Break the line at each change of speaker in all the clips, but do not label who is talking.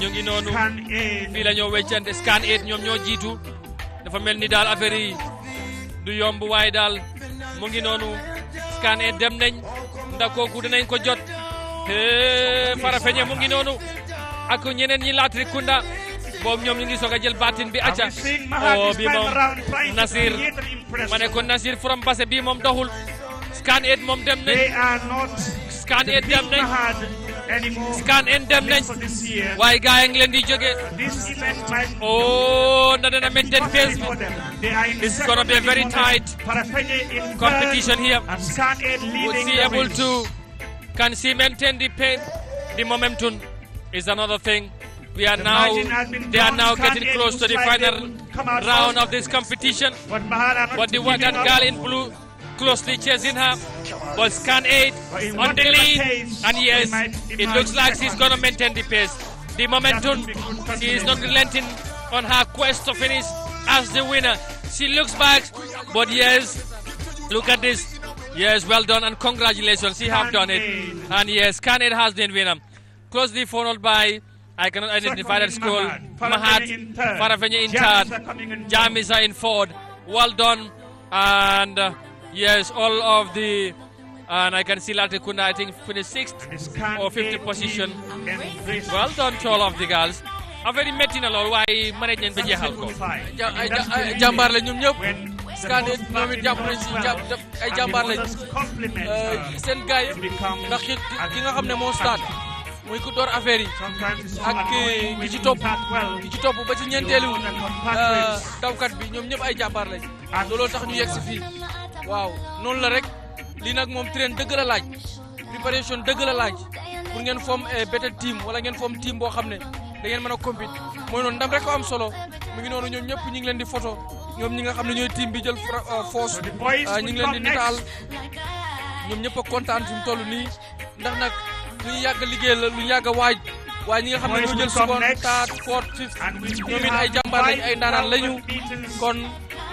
ñu ngi noonu fii la ñoo weccante scan eight ñoom ñoo jiitu dafa mel ni daal affaire yi du yomb waaye daal mu ngi noonu scan eight dem nañ ndax kooku dinañ ko jot farafeñe mu ngi noonu ak ñeneen ñi laatri kunda boobu ñoom ñu ngi soog a jël baatin bi acca o oh, bi moom nasir ma ne ko nasir from base bi moom doxul scan eight moom dem nañ scan eight dem nañ scan en dem nañ waaye gaa yi ngi leen di jóge oh na dana maintain pace this is oh, gonna be a very tight competition here would she able to can she maintain the pace the momentum is another thing we are now they are now getting close to the final round of this competition but the one girl in blue closely chasing her, but scan eight on the lead, and yes, it looks like she's gonna maintain the pace. The momentum, she is not relenting on her quest to finish as the winner. She looks back, but yes, look at this. Yes, well done and congratulations. She have done it. And yes, it has been winner. Closely followed by I cannot identify that school. Mahat, Farafenya in third, Jamisa in fourth. Well done and. Uh, Yes, all of the, and I can sixth or fifth position. Well done all of the girls. affaire yi métti na lool waaye mën leen ba jeexal ko. jàmbaar la ñoom ñëpp.
Scandé ñoom
it jàpp si jàpp ay jàmbaar lañ
euh, uh, seen gars yi ndax ki nga xam ne moo stade muy ku door affaire yi ak ki ci topp ki ci topp ba ci ñeenteelu euh, dawkat bi ñoom ñëpp ay jàmbaar lañ looloo tax ñu yegg si fii. waaw noonu la rek lii nag moom train dëgg la laaj préparation dëgg la laaj pour ngeen foom eh, better team wala ngeen foom team boo xam ne da ngeen mën a compete mooy noonu am solo mu ngi noonu ñoom ñëpp ñu ngi leen di photo ñoom ñi nga xam ne ñooy team bi jël eh, force ah, ñu ngi leen di nitaal ñoom ñëpp a kontaan fi mu nii ndax nag ñu yàgg liggéey la lu ñu yàgg a waaj waaye ñi nga xam ne ñoo jël second third fourth fifth ñoom it ay jàmbaar lañ ay ndaanaan lañu kon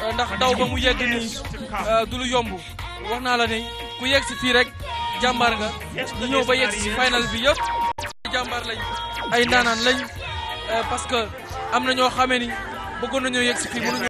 Euh, ndax daw ba mu yegg nii euh, du lu yomb wax naa la ne ku yegg si fii rek jàmbaar nga ñu ñëw ba yegg si final bi yëpp ay jàmbaar lañ ay naanaan lañ euh, parce que am na ñoo xamee ni bëggoon nañoo yegg si fii mënuñu